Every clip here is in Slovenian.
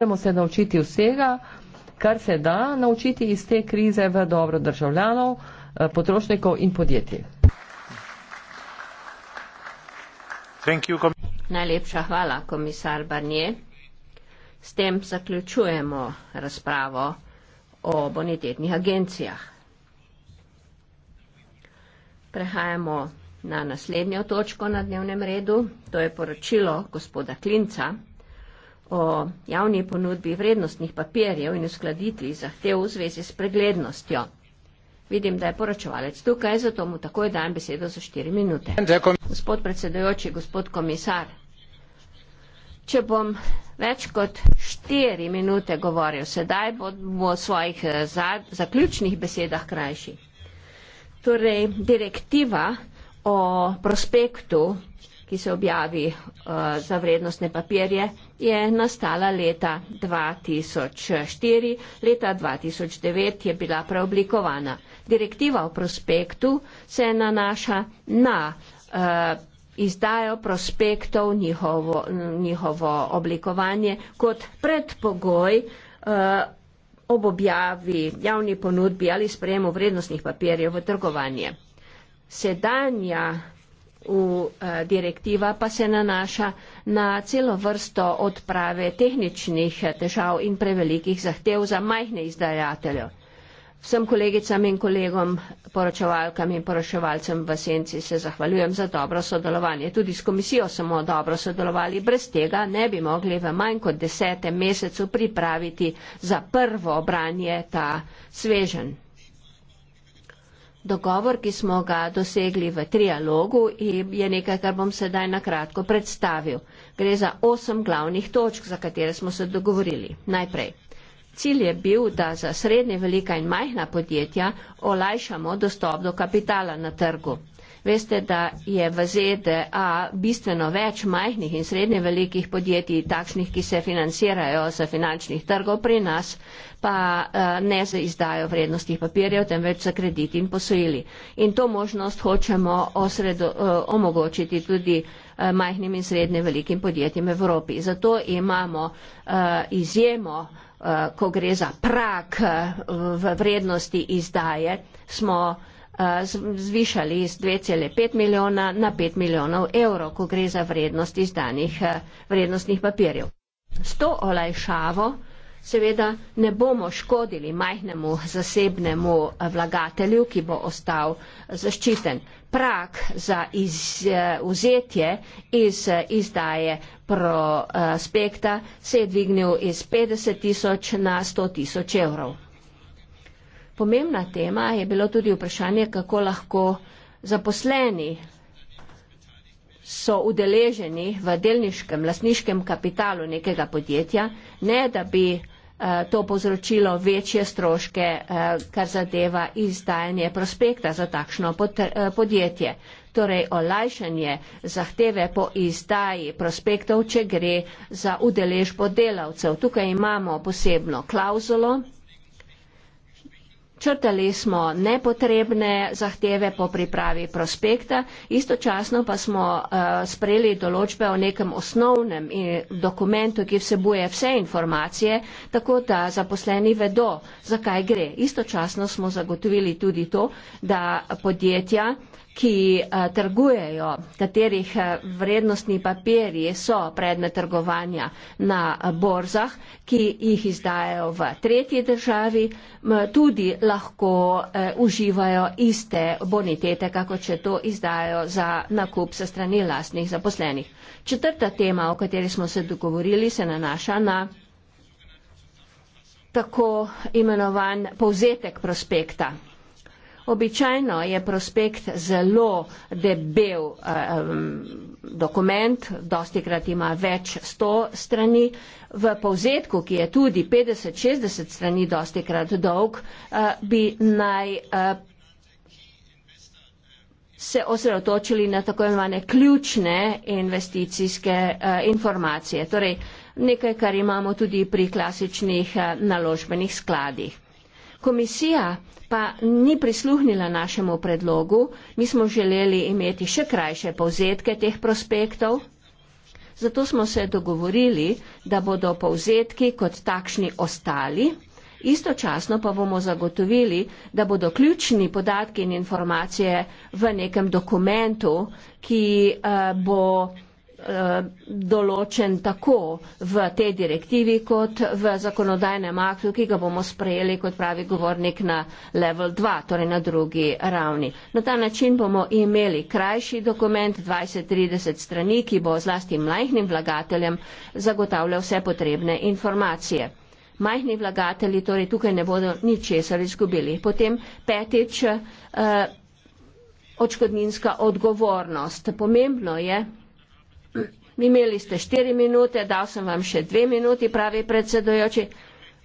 moramo se naučiti vsega, kar se da naučiti iz te krize v dobro državljanov, eh, potrošnikov in podjetij. You, kom... Najlepša hvala, komisar Barnier. S tem zaključujemo razpravo o bonitetnih agencijah. Prehajamo na naslednjo točko na dnevnem redu, to je poročilo gospoda Klinca o javni ponudbi vrednostnih papirjev in uskladitvi zahtev v zvezi s preglednostjo. Vidim, da je poročevalec tukaj, zato mu takoj dajem besedo za štiri minute. Gospod predsedujoči, gospod komisar, če bom več kot štiri minute govoril, sedaj bom v svojih eh, zaključnih besedah krajši. Torej, direktiva o prospektu ki se objavi uh, za vrednostne papirje, je nastala leta 2004. Leta 2009 je bila preoblikovana. Direktiva o prospektu se nanaša na uh, izdajo prospektov, njihovo, njihovo oblikovanje kot predpogoj uh, ob objavi javni ponudbi ali sprejemu vrednostnih papirjev v trgovanje. Sedanja v eh, direktiva pa se nanaša na celo vrsto odprave tehničnih težav in prevelikih zahtev za majhne izdajatelje. Vsem kolegicam in kolegom, poročevalkam in poročevalcem v Senci se zahvaljujem za dobro sodelovanje. Tudi s komisijo smo dobro sodelovali. Brez tega ne bi mogli v manj kot desetem mesecu pripraviti za prvo branje ta svežen dogovor, ki smo ga dosegli v trialogu, je nekaj, kar bom sedaj na kratko predstavil. Gre za osem glavnih točk, za katere smo se dogovorili. Najprej. Cilj je bil, da za srednje velika in majhna podjetja olajšamo dostop do kapitala na trgu. Veste, da je v ZDA bistveno več majhnih in srednje velikih podjetij, takšnih, ki se financirajo z finančnih trgov pri nas, pa eh, ne z izdajo vrednostnih papirjev, temveč za kredit in posojili. In to možnost hočemo osredo, eh, omogočiti tudi eh, majhnim in srednje velikim podjetjem v Evropi. Zato imamo izjemo, ko gre za prak v vrednosti izdaje, smo Eh, zvišali iz 2,5 milijona na 5 milijonov evrov, ko gre za vrednost izdanih eh, vrednostnih papirjev. S to olajšavo seveda ne bomo škodili majhnemu zasebnemu eh, vlagatelju, ki bo ostal zaščiten. Prak za izuzetje iz izdaje prospekta se je dvignil iz 50 tisoč na 100 tisoč evrov. Pomembna tema je bilo tudi vprašanje, kako lahko zaposleni so udeleženi v delniškem, lasniškem kapitalu nekega podjetja, ne da bi eh, to povzročilo večje stroške, eh, kar zadeva izdajanje prospekta za takšno eh, podjetje. Torej, olajšanje zahteve po izdaji prospektov, če gre za udeležbo delavcev. Tukaj imamo posebno klauzulo. Črtali smo nepotrebne zahteve po pripravi prospekta, istočasno pa smo uh, sprejeli določbe o nekem osnovnem eh, dokumentu, ki vsebuje vse informacije, tako da zaposleni vedo, zakaj gre. Istočasno smo zagotovili tudi to, da podjetja uh, ki eh, trgujejo, katerih eh, vrednostni papirji so predmet trgovanja na eh, borzah, ki jih izdajajo v tretji državi, tudi lahko uživajo iste bonitete, kako če to izdajajo za nakup se strani lastnih zaposlenih. Četrta tema, o kateri smo se dogovorili, se nanaša na tako imenovan povzetek prospekta. Običajno je prospekt zelo debel um, dokument, dosti krat ima več sto strani. V povzetku, ki je tudi 50-60 strani dosti krat dolg, uh, bi naj. Uh, se osredotočili na tako imenovane ključne investicijske uh, informacije, torej nekaj, kar imamo tudi pri klasičnih uh, naložbenih skladih. Komisija pa ni prisluhnila našemu predlogu, mi smo želeli imeti še krajše povzetke teh prospektov, zato smo se dogovorili, da bodo povzetki kot takšni ostali, istočasno pa bomo zagotovili, da bodo ključni podatki in informacije v nekem dokumentu, ki uh, bo Eh, določen tako v tej direktivi kot v zakonodajnem aktu, ki ga bomo sprejeli kot pravi govornik na level 2, torej na drugi ravni. Na ta način bomo imeli krajši dokument 20-30 strani, ki bo zlasti mlajhnim vlagateljem zagotavljal vse potrebne informacije. Majhni vlagatelji torej tukaj ne bodo ničesar izgubili. Potem petič. Eh, Očkodninska odgovornost. Pomembno je, Imeli ste štiri minute, dal sem vam še dve minuti, pravi predsedojoči.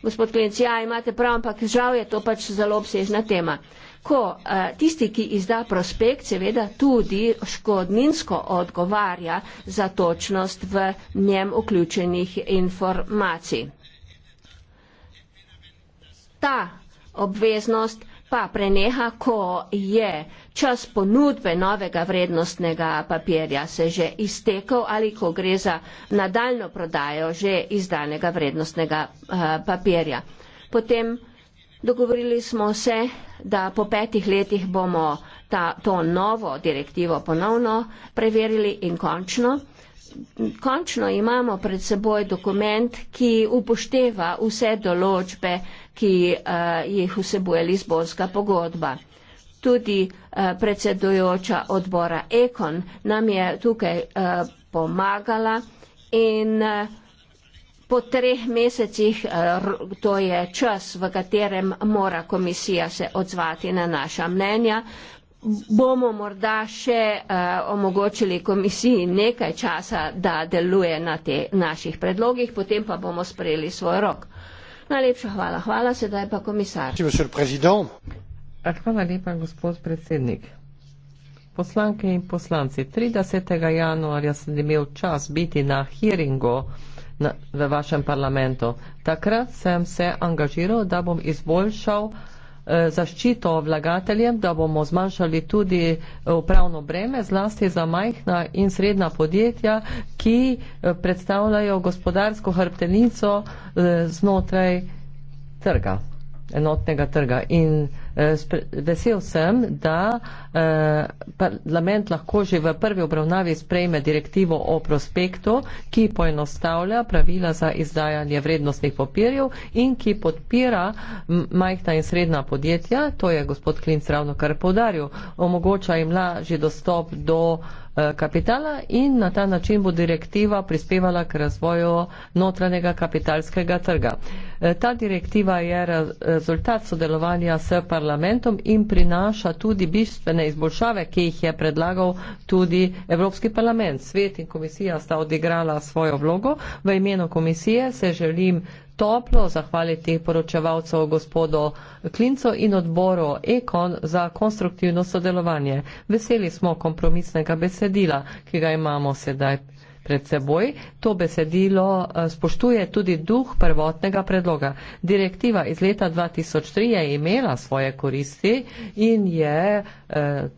Gospod Klinc, ja, imate prav, ampak žal je to pač zelo obsežna tema. Ko uh, tisti, ki izda prospekt, seveda tudi škodninsko odgovarja za točnost v njem vključenih informacij. Ta obveznost pa preneha, ko je čas ponudbe novega vrednostnega papirja se že iztekel ali ko gre za nadaljno prodajo že izdanega vrednostnega eh, papirja. Potem dogovorili smo se, da po petih letih bomo ta, to novo direktivo ponovno preverili in končno končno imamo pred seboj dokument, ki upošteva vse določbe, ki eh, jih vsebuje Lizbonska pogodba. Tudi eh, predsedujoča odbora Ekon nam je tukaj eh, pomagala in po treh mesecih to je čas, v katerem mora komisija se odzvati na naša mnenja bomo morda še uh, omogočili komisiji nekaj časa, da deluje na teh naših predlogih, potem pa bomo sprejeli svoj rok. Najlepša hvala. Hvala sedaj pa komisar. Eh, hvala lepa, gospod predsednik. Poslanke in poslanci, 30. januarja sem imel čas biti na hearingu na, v vašem parlamentu. Takrat sem se angažiral, da bom izboljšal Eh, zaščito vlagateljem, da bomo zmanjšali tudi eh, upravno breme, zlasti za majhna in srednja podjetja, ki eh, predstavljajo gospodarsko hrbtenico znotraj trga, enotnega trga. In Eh, vesel sem, da eh, parlament lahko že v prvi obravnavi sprejme direktivo o prospektu, ki poenostavlja pravila za izdajanje vrednostnih papirjev in ki podpira majhna in srednja podjetja, to je gospod Klinc ravno kar podaril, omogoča jim lažji dostop do eh, kapitala in na ta način bo direktiva prispevala k razvoju notranjega kapitalskega trga. Ta direktiva je rezultat sodelovanja s parlamentom in prinaša tudi bistvene izboljšave, ki jih je predlagal tudi Evropski parlament. Svet in komisija sta odigrala svojo vlogo. V imenu komisije se želim toplo zahvaliti poročevalcev gospodo Klinco in odboru Ekon za konstruktivno sodelovanje. Veseli smo kompromisnega besedila, ki ga imamo sedaj pred seboj, to besedilo eh, spoštuje tudi duh prvotnega predloga. Direktiva iz leta 2003 je imela svoje koristi in je eh,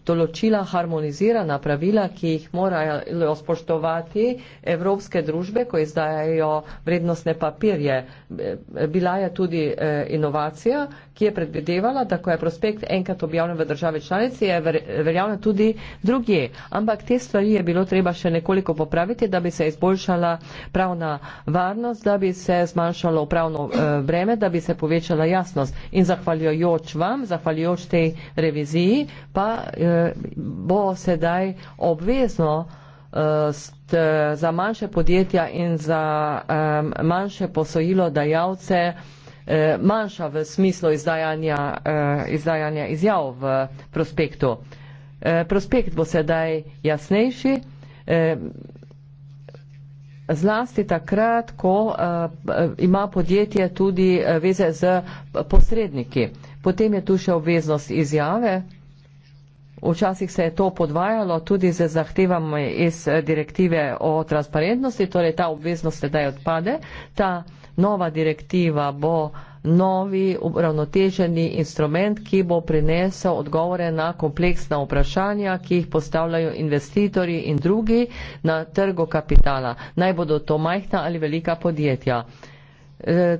določila harmonizirana pravila, ki jih morajo spoštovati evropske družbe, ko izdajajo vrednostne papirje. Eh, bila je tudi inovacija, ki je predvidevala, da ko je prospekt enkrat objavljen v državi članici, je veljavna tudi drugje. Ampak te stvari je bilo treba še nekoliko popraviti, da bi se izboljšala pravna varnost, da bi se zmanjšalo pravno eh, breme, da bi se povečala jasnost. In zahvaljujoč vam, zahvaljujoč tej reviziji, pa eh, bo sedaj obvezno eh, za manjše podjetja in za manjše posojilo dajalce manjša v smislu izdajanja, izdajanja izjav v prospektu. Prospekt bo sedaj jasnejši, zlasti takrat, ko eh, ima podjetje tudi eh, veze z posredniki. Potem je tu še obveznost izjave Včasih se je to podvajalo tudi z zahtevami iz eh, direktive o transparentnosti, torej ta obveznost sedaj odpade. Ta nova direktiva bo novi uravnoteženi instrument, ki bo prinesel odgovore na kompleksna vprašanja, ki jih postavljajo investitorji in drugi na trgu kapitala. Naj bodo to majhna ali velika podjetja. Eh,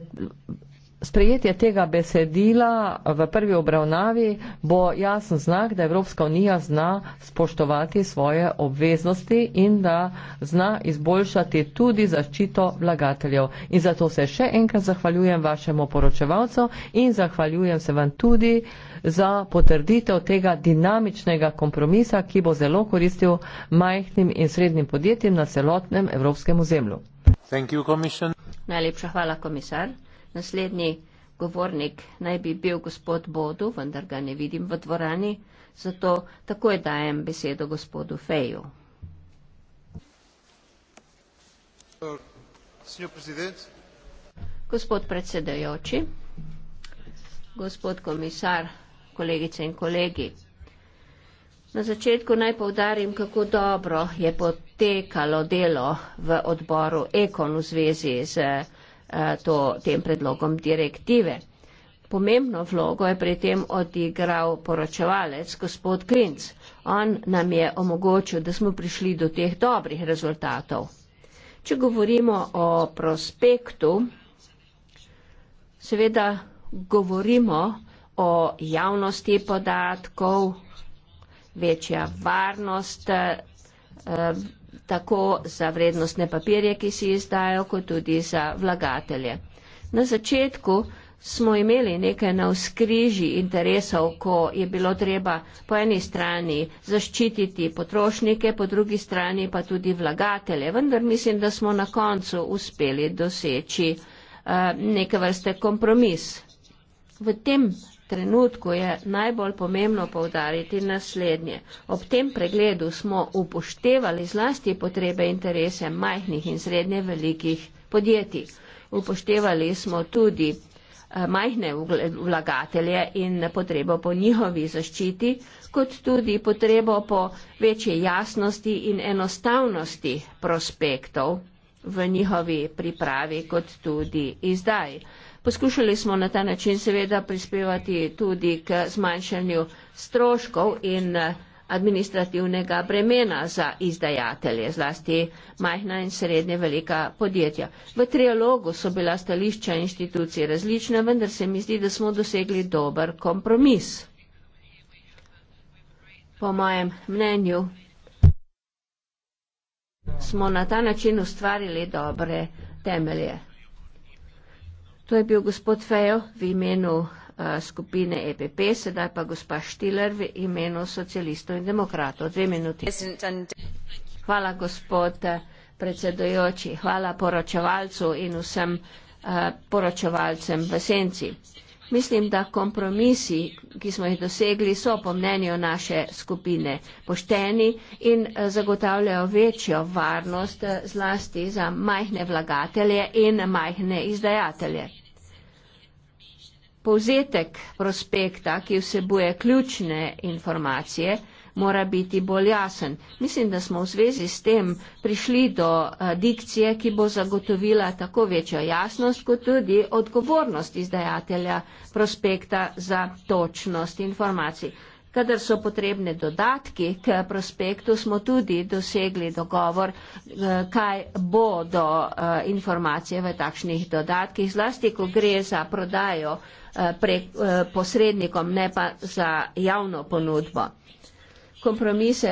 Sprejetje tega besedila v prvi obravnavi bo jasen znak, da Evropska unija zna spoštovati svoje obveznosti in da zna izboljšati tudi zaščito vlagateljev. In zato se še enkrat zahvaljujem vašemu poročevalcu in zahvaljujem se vam tudi za potrditev tega dinamičnega kompromisa, ki bo zelo koristil majhnim in srednjim podjetjem na celotnem evropskem ozemlju. Najlepša hvala, komisar. Naslednji govornik naj bi bil gospod Bodu, vendar ga ne vidim v dvorani, zato takoj dajem besedo gospodu Feju. Gospod predsedajoči, gospod komisar, kolegice in kolegi. Na začetku naj povdarim, kako dobro je potekalo delo v odboru Ekon v zvezi z Eh, to, tem predlogom direktive. Pomembno vlogo je pri tem odigral poročevalec gospod Klinc. On nam je omogočil, da smo prišli do teh dobrih rezultatov. Če govorimo o prospektu, seveda govorimo o javnosti podatkov, večja varnost eh, tako za vrednostne papirje, ki si izdajo, kot tudi za vlagatelje. Na začetku smo imeli nekaj na vzkriži interesov, ko je bilo treba po eni strani zaščititi potrošnike, po drugi strani pa tudi vlagatelje, vendar mislim, da smo na koncu uspeli doseči uh, neke vrste kompromis. V tem trenutku je najbolj pomembno povdariti naslednje. Ob tem pregledu smo upoštevali zlasti potrebe interese majhnih in srednje velikih podjetij. Upoštevali smo tudi eh, majhne vlagatelje in potrebo po njihovi zaščiti, kot tudi potrebo po večji jasnosti in enostavnosti prospektov v njihovi pripravi, kot tudi izdaj. Poskušali smo na ta način seveda prispevati tudi k zmanjšanju stroškov in eh, administrativnega bremena za izdajatelje, zlasti majhna in srednje velika podjetja. V trialogu so bila stališča inštitucij različna, vendar se mi zdi, da smo dosegli dober kompromis. Po mojem mnenju smo na ta način ustvarili dobre temelje. To je bil gospod Fejo v imenu eh, skupine EPP, sedaj pa gospa Štiler v imenu socialistov in demokratov. Dve minuti. Hvala, gospod eh, predsedojoči. Hvala poročevalcu in vsem eh, poročevalcem v senci. Mislim, da kompromisi, ki smo jih dosegli, so po mnenju naše skupine pošteni in eh, zagotavljajo večjo varnost eh, zlasti za majhne vlagatelje in majhne izdajatelje. Povzetek prospekta, ki vsebuje ključne informacije, mora biti bolj jasen. Mislim, da smo v zvezi s tem prišli do eh, dikcije, ki bo zagotovila tako večjo jasnost, kot tudi odgovornost izdajatelja prospekta za točnost informacij. Kadar so potrebne dodatki k prospektu, smo tudi dosegli dogovor, eh, kaj bodo eh, informacije v takšnih dodatkih, zlasti, ko gre za prodajo prek posrednikom, ne pa za javno ponudbo kompromise,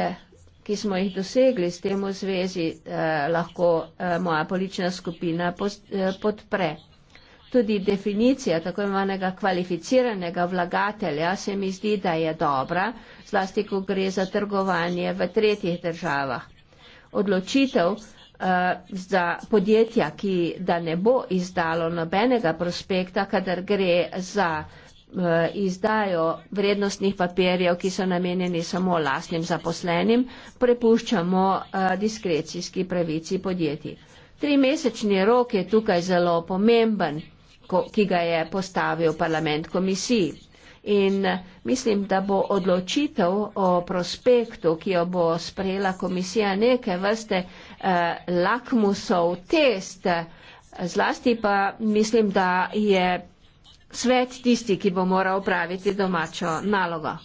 ki smo jih dosegli s tem v zvezi, eh, lahko eh, moja politična skupina eh, podpre. Tudi definicija tako imenovanega kvalificiranega vlagatelja se mi zdi, da je dobra, zlasti, ko gre za trgovanje v tretjih državah. Odločitev uh, za podjetja, ki da ne bo izdalo nobenega prospekta, kadar gre za uh, Eh, izdajo vrednostnih papirjev, ki so namenjeni samo lastnim zaposlenim, prepuščamo eh, diskrecijski pravici podjetij. Trimesečni rok je tukaj zelo pomemben, ki ga je postavil parlament komisiji. In eh, mislim, da bo odločitev o prospektu, ki jo bo sprejela komisija, neke vrste eh, lakmusov test. Zlasti pa mislim, da je svet tisti, ki bo moral praviti domačo nalogo.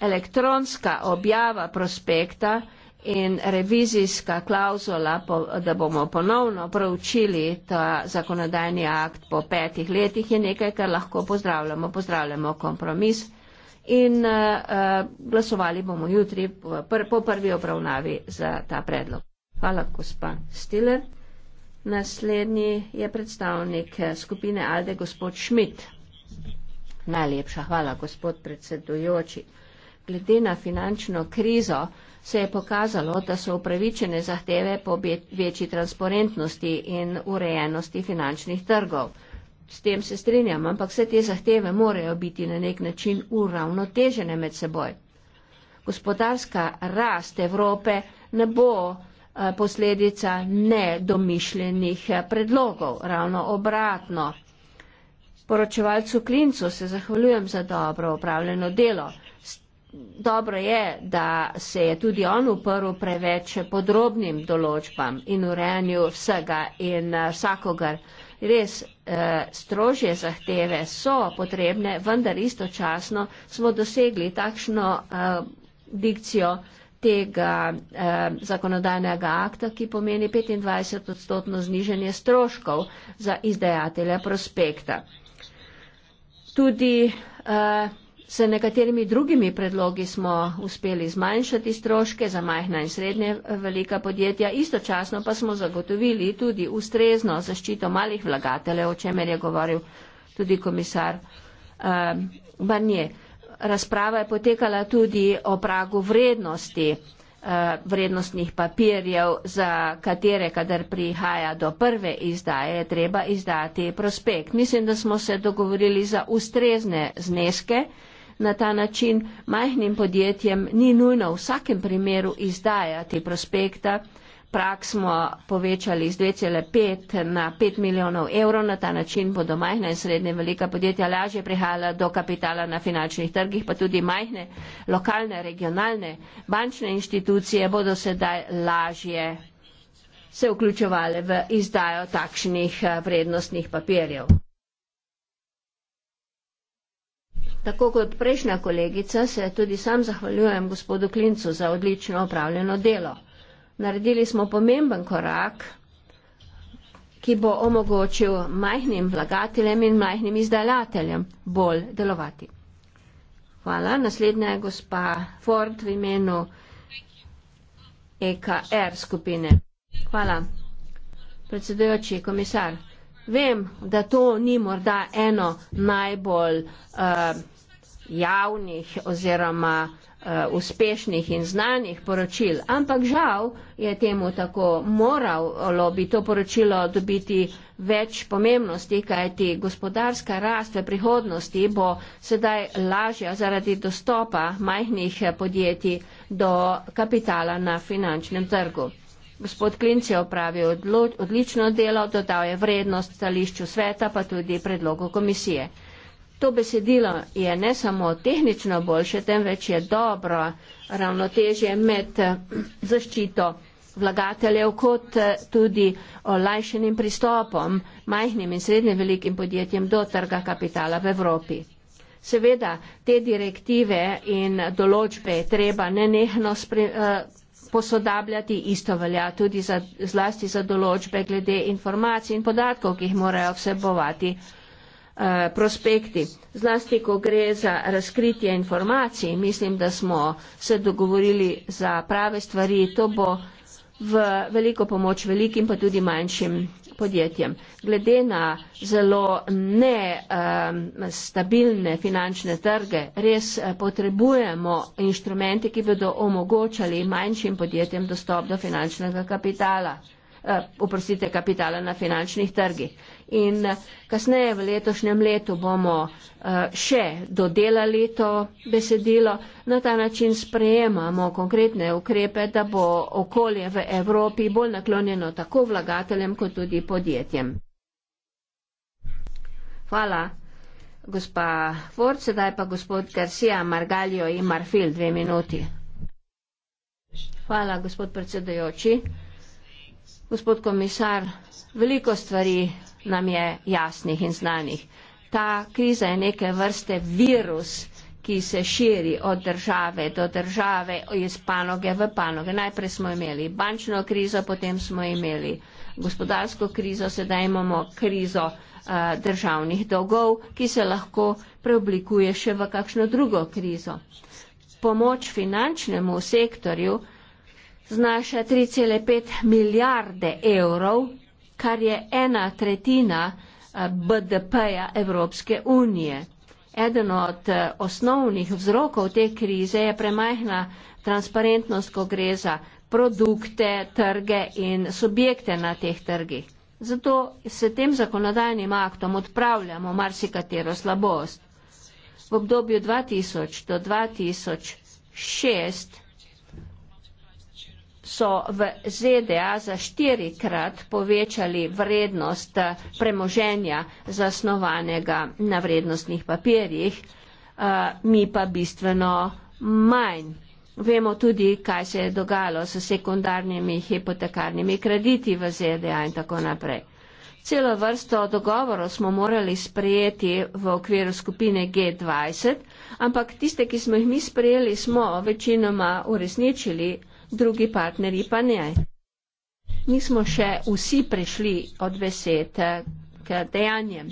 Elektronska objava prospekta in revizijska klauzula, da bomo ponovno proučili ta zakonodajni akt po petih letih, je nekaj, kar lahko pozdravljamo. Pozdravljamo kompromis in uh, glasovali bomo jutri po prvi obravnavi za ta predlog. Hvala, gospa Stiller. Naslednji je predstavnik eh, skupine Alde, gospod Šmit. Najlepša hvala, gospod predsedujoči. Glede na finančno krizo se je pokazalo, da so upravičene zahteve po večji transparentnosti in urejenosti finančnih trgov. S tem se strinjam, ampak vse te zahteve morajo biti na nek način uravnotežene med seboj. Gospodarska rast Evrope ne bo Eh, posledica nedomišljenih eh, predlogov, ravno obratno. Poročevalcu Klincu se zahvaljujem za dobro upravljeno delo. Dobro je, da se je tudi on uprl preveč podrobnim določbam in urejanju vsega in eh, vsakogar. Res eh, strožje zahteve so potrebne, vendar istočasno smo dosegli takšno eh, dikcijo, eh, tega eh, zakonodajnega akta, ki pomeni 25 odstotno zniženje stroškov za izdajatelja prospekta. Tudi eh, se nekaterimi drugimi predlogi smo uspeli zmanjšati stroške za majhna in srednje eh, velika podjetja, istočasno pa smo zagotovili tudi ustrezno zaščito malih vlagateljev, o čemer je govoril tudi komisar eh, Barnier razprava je potekala tudi o pragu vrednosti eh, vrednostnih papirjev, za katere, kadar prihaja do prve izdaje, je treba izdati prospekt. Mislim, da smo se dogovorili za ustrezne zneske. Na ta način majhnim podjetjem ni nujno v vsakem primeru izdajati prospekta, prak smo povečali z 2,5 na 5 milijonov evrov. Na ta način bodo majhne in srednje velika podjetja lažje prihajala do kapitala na finančnih trgih, pa tudi majhne lokalne, regionalne bančne inštitucije bodo sedaj lažje se vključevali v izdajo takšnih eh, vrednostnih papirjev. Tako kot prejšnja kolegica se tudi sam zahvaljujem gospodu Klincu za odlično opravljeno delo naredili smo pomemben korak, ki bo omogočil majhnim vlagateljem in majhnim izdajateljem bolj delovati. Hvala. Naslednja je gospa Ford v imenu EKR skupine. Hvala. Predsedujoči komisar, vem, da to ni morda eno najbolj uh, javnih oziroma uh, uspešnih in znanih poročil, ampak žal je temu tako moralo bi to poročilo dobiti več pomembnosti, kajti gospodarska rast v prihodnosti bo sedaj lažja zaradi dostopa majhnih podjetij do kapitala na finančnem trgu. Gospod Klinc je opravil odlo, odlično delo, dodal je vrednost stališču sveta, pa tudi predlogu komisije. To besedilo je ne samo tehnično boljše, temveč je dobro ravnotežje med eh, zaščito vlagateljev kot eh, tudi olajšenim pristopom majhnim in srednje velikim podjetjem do trga kapitala v Evropi. Seveda, te direktive in določbe je treba nenehno spre, eh, posodabljati, isto velja tudi za, zlasti za določbe glede informacij in podatkov, ki jih morajo vsebovati. Eh, prospekti. Zlasti, ko gre za razkritje informacij, mislim, da smo se dogovorili za prave stvari, to bo v veliko pomoč velikim pa tudi manjšim podjetjem. Glede na zelo nestabilne eh, um, finančne trge, res eh, potrebujemo inštrumente, ki bodo omogočali manjšim podjetjem dostop do finančnega kapitala. Eh, oprostite, kapitala na finančnih trgih. In eh, kasneje v letošnjem letu bomo eh, še dodelali to besedilo. Na ta način sprejemamo konkretne ukrepe, da bo okolje v Evropi bolj naklonjeno tako vlagateljem kot tudi podjetjem. Hvala, gospa Ford, sedaj pa gospod Garcia, Margalijo in Marfil, dve minuti. Hvala, gospod predsedujoči. Gospod komisar, veliko stvari nam je jasnih in znanih. Ta kriza je neke vrste virus, ki se širi od države do države, iz panoge v panoge. Najprej smo imeli bančno krizo, potem smo imeli gospodarsko krizo, sedaj imamo krizo uh, državnih dolgov, ki se lahko preoblikuje še v kakšno drugo krizo. Pomoč finančnemu sektorju, znaša 3,5 milijarde evrov, kar je ena tretjina eh, BDP-ja Evropske unije. Eden od eh, osnovnih vzrokov te krize je premajhna transparentnost, ko gre za produkte, trge in subjekte na teh trgih. Zato se tem zakonodajnim aktom odpravljamo marsikatero slabost. V obdobju 2000 do 2006 so v ZDA za štirikrat povečali vrednost eh, premoženja zasnovanega na vrednostnih papirjih, eh, mi pa bistveno manj. Vemo tudi, kaj se je dogajalo s sekundarnimi hipotekarnimi krediti v ZDA in tako naprej. Celo vrsto dogovorov smo morali sprejeti v okviru skupine G20, ampak tiste, ki smo jih mi sprejeli, smo večinoma uresničili, drugi partnerji pa ne. Nismo še vsi prišli od besed k dejanjem.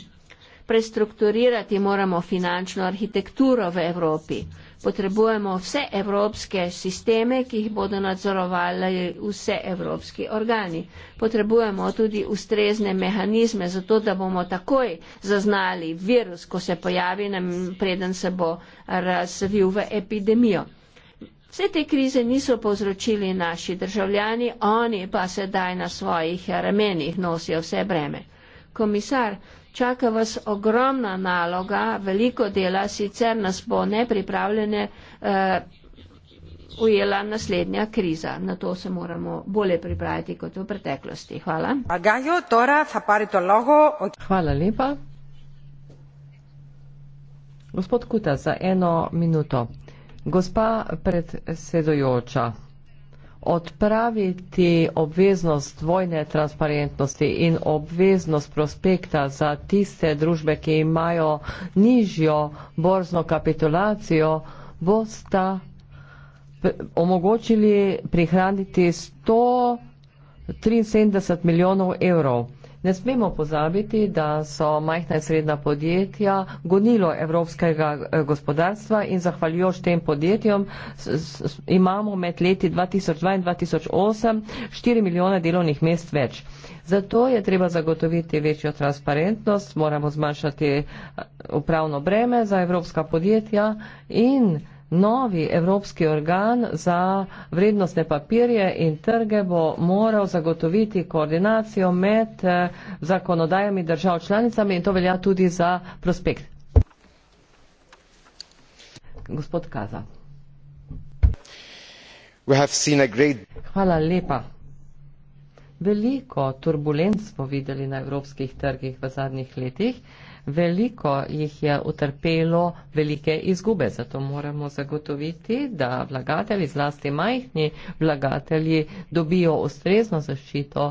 Prestrukturirati moramo finančno arhitekturo v Evropi. Potrebujemo vse evropske sisteme, ki jih bodo nadzorovali vse evropski organi. Potrebujemo tudi ustrezne mehanizme, zato da bomo takoj zaznali virus, ko se pojavi, preden se bo razvil v epidemijo. Vse te krize niso povzročili naši državljani, oni pa sedaj na svojih ramenih nosijo vse breme. Komisar, čaka vas ogromna naloga, veliko dela, sicer nas bo nepripravljene uh, ujela naslednja kriza. Na to se moramo bolje pripraviti kot v preteklosti. Hvala. Hvala lepa. Gospod Kuta, za eno minuto. Gospa predsedojoča, odpraviti obveznost vojne transparentnosti in obveznost prospekta za tiste družbe, ki imajo nižjo borzno kapitulacijo, bo sta omogočili prihraniti 173 milijonov evrov. Ne smemo pozabiti, da so majhna in srednja podjetja gonilo evropskega eh, gospodarstva in zahvaljujoč tem podjetjem imamo med leti 2002 in 2008 4 milijone delovnih mest več. Zato je treba zagotoviti večjo transparentnost, moramo zmanjšati eh, upravno breme za evropska podjetja in Novi evropski organ za vrednostne papirje in trge bo moral zagotoviti koordinacijo med eh, zakonodajami držav članicami in to velja tudi za prospekt. Gospod Kaza. Great... Hvala lepa. Veliko turbulenc smo videli na evropskih trgih v zadnjih letih. Veliko jih je utrpelo velike izgube, zato moramo zagotoviti, da vlagatelji, zlasti majhni vlagatelji, dobijo ustrezno zaščito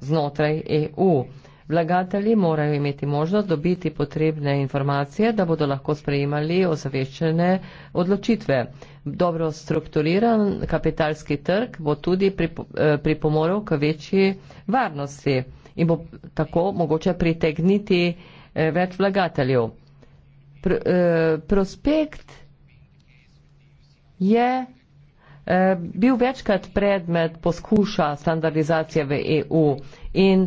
znotraj EU. Vlagatelji morajo imeti možnost dobiti potrebne informacije, da bodo lahko sprejemali ozaveščene odločitve. Dobro strukturiran kapitalski trg bo tudi eh, pripomoril k večji varnosti in bo tako mogoče pritegniti Eh, več vlagateljev. Pr, eh, prospekt je eh, bil večkrat predmet poskuša standardizacije v EU in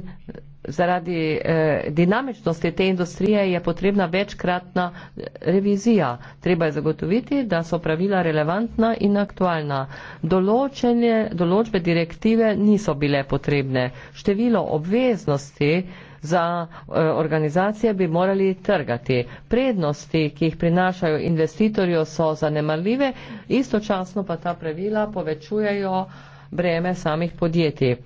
zaradi eh, dinamičnosti te industrije je potrebna večkratna eh, revizija. Treba je zagotoviti, da so pravila relevantna in aktualna. Določene, določbe direktive niso bile potrebne. Število obveznosti eh, za eh, organizacije bi morali trgati. Prednosti, ki jih prinašajo investitorju, so zanemarljive, istočasno pa ta pravila povečujejo breme samih podjetij.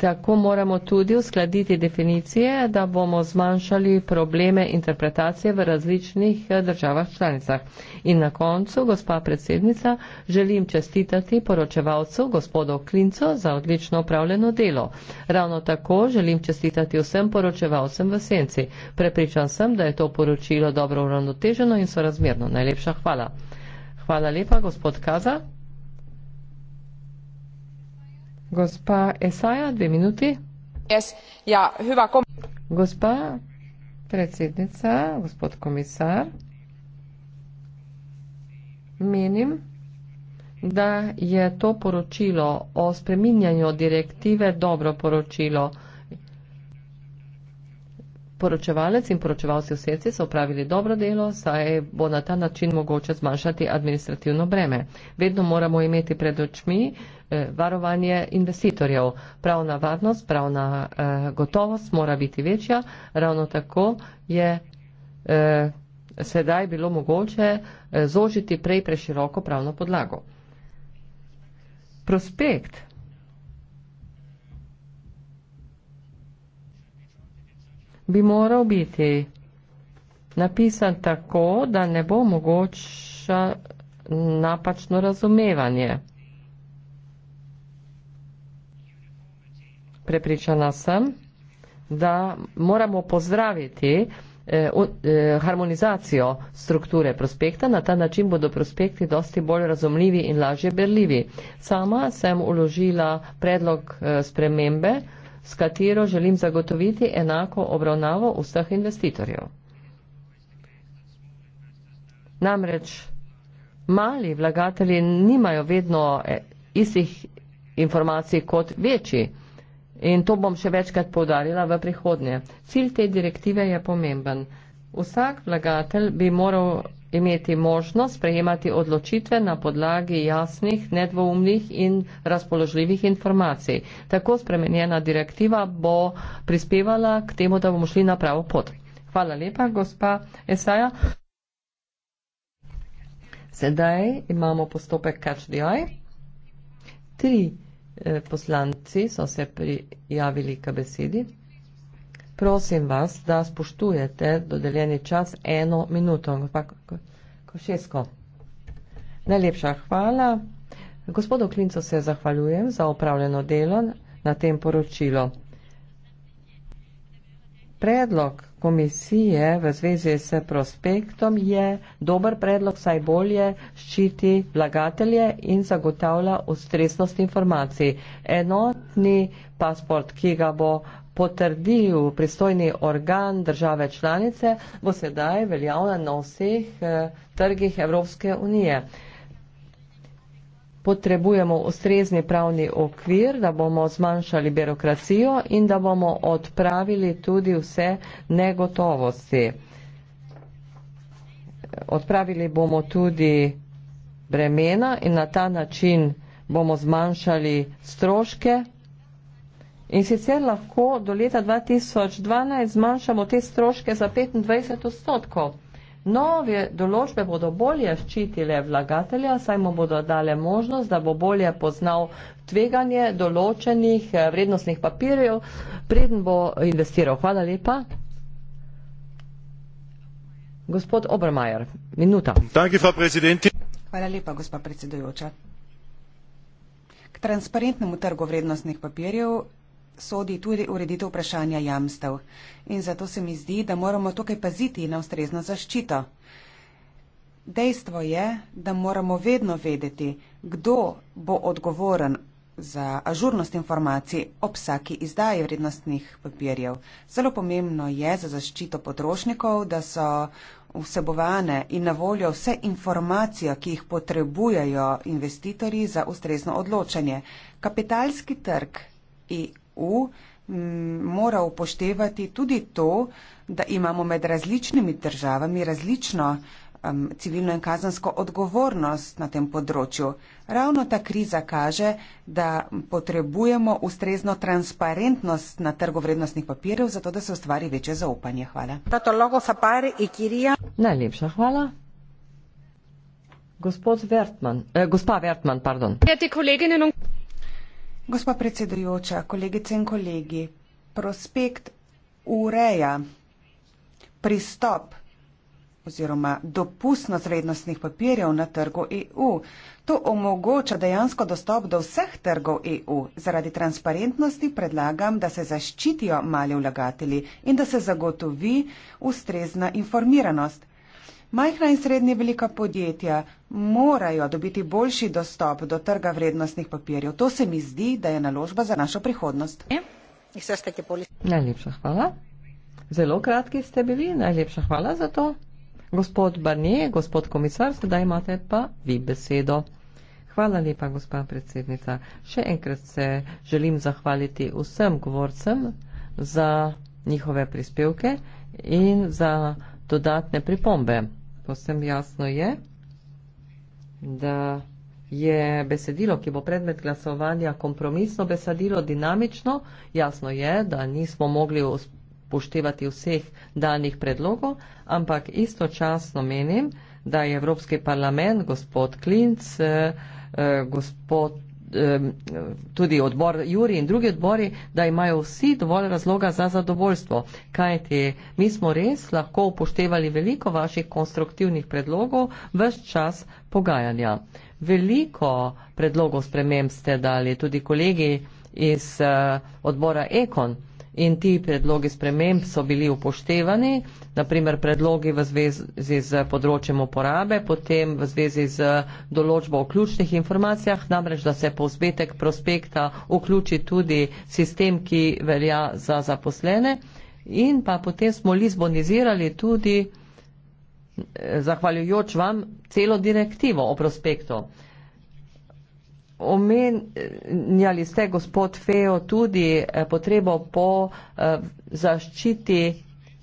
Tako moramo tudi uskladiti definicije, da bomo zmanjšali probleme interpretacije v različnih eh, državah članicah. In na koncu, gospa predsednica, želim čestitati poročevalcu gospodu Klincu za odlično upravljeno delo. Ravno tako želim čestitati vsem poročevalcem v senci. Prepričan sem, da je to poročilo dobro uravnoteženo in sorazmerno. Najlepša hvala. Hvala lepa, gospod Kaza. Gospa Esaja, dve minuti. Yes. Ja, hyvä kom gospa predsednica, gospod komisar, menim, da je to poročilo o spreminjanju direktive dobro poročilo. Poročevalec in poročevalci v srcu so upravili dobro delo, saj bo na ta način mogoče zmanjšati administrativno breme. Vedno moramo imeti pred očmi, Eh, varovanje investitorjev. Pravna varnost, pravna eh, gotovost mora biti večja. Ravno tako je eh, sedaj bilo mogoče zožiti prej preširoko pravno podlago. Prospekt bi moral biti napisan tako, da ne bo mogoče napačno razumevanje. prepričana sem, da moramo pozdraviti eh, eh, harmonizacijo strukture prospekta, na ta način bodo prospekti dosti bolj razumljivi in lažje berljivi. Sama sem uložila predlog eh, spremembe, s katero želim zagotoviti enako obravnavo vseh investitorjev. Namreč mali vlagatelji nimajo vedno istih informacij kot večji vlagatelji. In to bom še večkrat povdarjala v prihodnje. Cilj te direktive je pomemben. Vsak vlagatelj bi moral imeti možnost sprejemati odločitve na podlagi jasnih, nedvoumnih in razpoložljivih informacij. Tako spremenjena direktiva bo prispevala k temu, da bomo šli na pravo pot. Hvala lepa, gospa Esaja. Sedaj imamo postopek catch the eye. Tri. Eh, poslanci so se prijavili k besedi. Prosim vas, da spoštujete dodeljeni čas eno minuto. Gospa Košesko, najlepša hvala. Gospodu Klincu se zahvaljujem za opravljeno delo na tem poročilu predlog komisije v zvezi s prospektom je dober predlog, saj bolje ščiti vlagatelje in zagotavlja ustreznost informacij. Enotni pasport, ki ga bo potrdil pristojni organ države članice, bo sedaj veljavna na vseh eh, trgih Evropske unije potrebujemo ustrezni pravni okvir, da bomo zmanjšali birokracijo in da bomo odpravili tudi vse negotovosti. Odpravili bomo tudi bremena in na ta način bomo zmanjšali stroške. In sicer lahko do leta 2012 zmanjšamo te stroške za 25 odstotkov. Nove določbe bodo bolje ščitile vlagatelja, saj mu bodo dale možnost, da bo bolje poznal tveganje določenih eh, vrednostnih papirjev, preden bo investiral. Hvala lepa. Gospod Obermajer, minuta. Hvala lepa, gospa predsedujoča. K transparentnemu trgu vrednostnih papirjev sodi tudi ureditev vprašanja jamstev. In zato se mi zdi, da moramo tukaj paziti na ustrezno zaščito. Dejstvo je, da moramo vedno vedeti, kdo bo odgovoren za ažurnost informacij ob vsaki izdaji vrednostnih papirjev. Zelo pomembno je za zaščito potrošnikov, da so vsebovane in na voljo vse informacije, ki jih potrebujejo investitorji za ustrezno odločanje. Kapitalski trg in EU mora upoštevati tudi to, da imamo med različnimi državami različno um, civilno in kazansko odgovornost na tem področju. Ravno ta kriza kaže, da potrebujemo ustrezno transparentnost na trgu vrednostnih papirjev, zato da se ustvari večje zaupanje. Hvala. Najlepša hvala. Gospod Vertman, eh, gospa Vertman, pardon. Ja, Gospa predsedujoča, kolegice in kolegi, prospekt ureja pristop oziroma dopustnost vrednostnih papirjev na trgu EU. To omogoča dejansko dostop do vseh trgov EU. Zaradi transparentnosti predlagam, da se zaščitijo mali vlagatelji in da se zagotovi ustrezna informiranost. Majhna in srednje velika podjetja morajo dobiti boljši dostop do trga vrednostnih papirjev. To se mi zdi, da je naložba za našo prihodnost. Najlepša hvala. Zelo kratki ste bili. Najlepša hvala za to. Gospod Barnier, gospod komisar, sedaj imate pa vi besedo. Hvala lepa, gospa predsednica. Še enkrat se želim zahvaliti vsem govorcem za njihove prispevke in za dodatne pripombe posem jasno je, da je besedilo, ki bo predmet glasovanja, kompromisno besedilo, dinamično. Jasno je, da nismo mogli poštevati vseh danih predlogov, ampak istočasno menim, da je Evropski parlament, gospod Klinc, eh, eh, gospod tudi odbor Juri in drugi odbori, da imajo vsi dovolj razloga za zadovoljstvo. Kaj ti, mi smo res lahko upoštevali veliko vaših konstruktivnih predlogov v čas pogajanja. Veliko predlogov sprememb ste dali tudi kolegi iz eh, odbora Ekon in ti predlogi sprememb so bili upoštevani, naprimer predlogi v zvezi z področjem uporabe, potem v zvezi z določbo o ključnih informacijah, namreč da se povzbetek prospekta vključi tudi sistem, ki velja za zaposlene in pa potem smo lizbonizirali tudi, eh, zahvaljujoč vam, celo direktivo o prospektu omenjali ste gospod Fejo tudi eh, potrebo po eh, zaščiti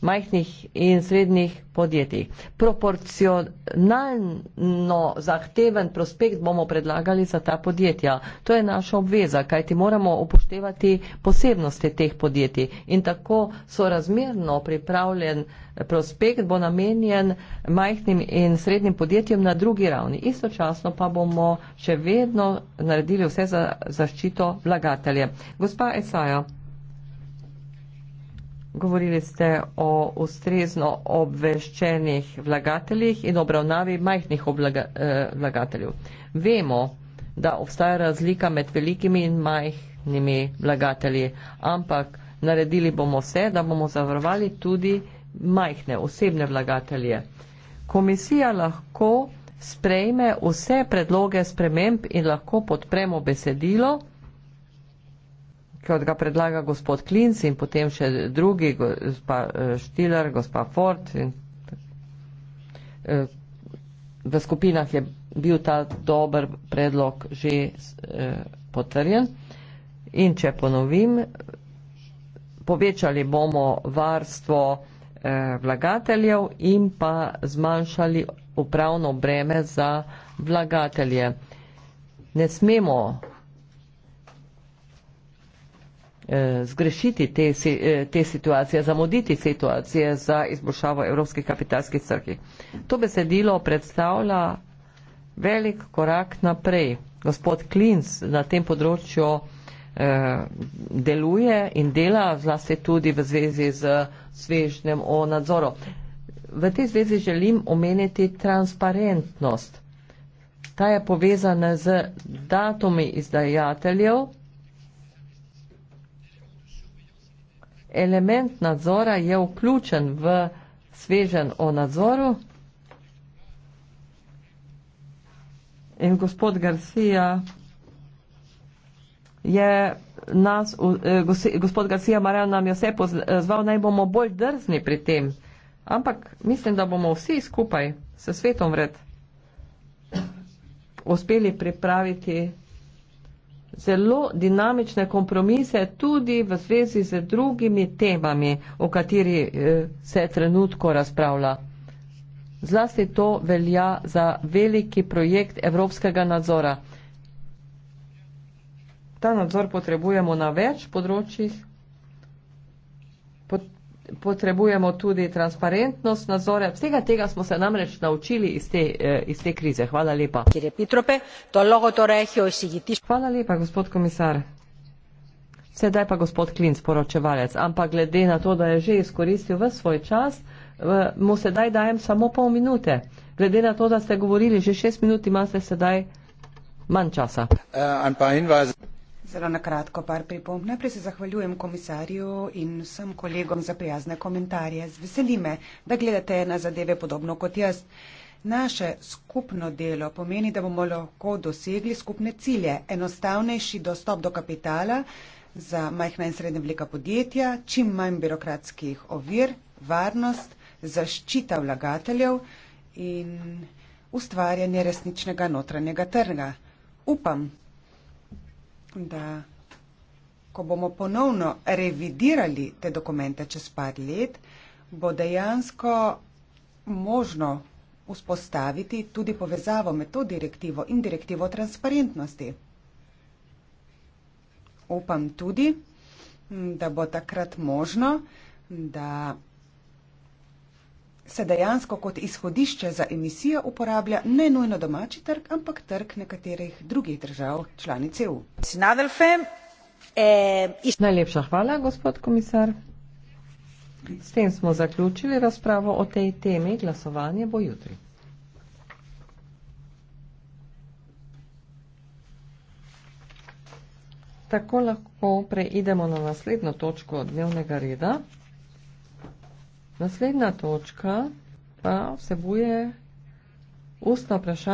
majhnih in srednjih podjetij. Proporcionalno zahteven prospekt bomo predlagali za ta podjetja. To je naša obveza, kajti moramo upoštevati posebnosti teh podjetij. In tako sorazmerno pripravljen prospekt bo namenjen majhnim in srednjim podjetjem na drugi ravni. Istočasno pa bomo še vedno naredili vse za zaščito vlagatelje. Gospa Esaja. Govorili ste o ustrezno obveščenih vlagateljih in obravnavi majhnih oblaga, eh, vlagateljev. Vemo, da obstaja razlika med velikimi in majhnimi vlagatelji, ampak naredili bomo vse, da bomo zavarovali tudi majhne osebne vlagatelje. Komisija lahko sprejme vse predloge sprememb in lahko podpremo besedilo kot ga predlaga gospod Klinc in potem še drugi, gospa eh, Štiler, gospa Ford. In, eh, v skupinah je bil ta dober predlog že eh, potrjen. In če ponovim, povečali bomo varstvo vlagateljev in pa zmanjšali upravno breme za vlagatelje. Ne smemo Eh, zgrešiti te, eh, te situacije, zamuditi situacije za izboljšavo evropskih kapitalskih crkvi. To besedilo predstavlja velik korak naprej. Gospod Klinc na tem področju eh, deluje in dela zlasti tudi v zvezi z svežnjem o nadzoru. V tej zvezi želim omeniti transparentnost. Ta je povezana z datumi izdajateljev, element nadzora je vključen v svežen o nadzoru in gospod Garcia je nas, eh, gospod Garcia Marel nam je vse pozval, naj bomo bolj drzni pri tem, ampak mislim, da bomo vsi skupaj s svetom vred uspeli pripraviti zelo dinamične kompromise tudi v zvezi z drugimi temami, o kateri eh, se trenutko razpravlja. Zlasti to velja za veliki projekt evropskega nadzora. Ta nadzor potrebujemo na več področjih potrebujemo tudi transparentnost nadzora. Vsega tega smo se namreč naučili iz te, eh, iz te krize. Hvala lepa. Hvala lepa, gospod komisar. Sedaj pa gospod Klinc, poročevalec. Ampak glede na to, da je že izkoristil v svoj čas, eh, mu sedaj dajem samo pol minute. Glede na to, da ste govorili že šest minut, imate sedaj manj časa. Uh, Zelo na kratko par pripomb. Najprej se zahvaljujem komisarju in vsem kolegom za prijazne komentarje. Zveseli me, da gledate na zadeve podobno kot jaz. Naše skupno delo pomeni, da bomo lahko dosegli skupne cilje. Enostavnejši dostop do kapitala za majhna in srednja velika podjetja, čim manj birokratskih ovir, varnost, zaščita vlagateljev in ustvarjanje resničnega notranjega trga. Upam, da ko bomo ponovno revidirali te dokumente čez par let, bo dejansko možno vzpostaviti tudi povezavo med to direktivo in direktivo transparentnosti. Upam tudi, da bo takrat možno, da se dejansko kot izhodišče za emisijo uporablja ne nujno domači trg, ampak trg nekaterih drugih držav članic EU. Eh, Najlepša hvala, gospod komisar. S tem smo zaključili razpravo o tej temi. Glasovanje bo jutri. Tako lahko preidemo na naslednjo točko dnevnega reda. Naslednja točka pa vsebuje ustna vprašanja.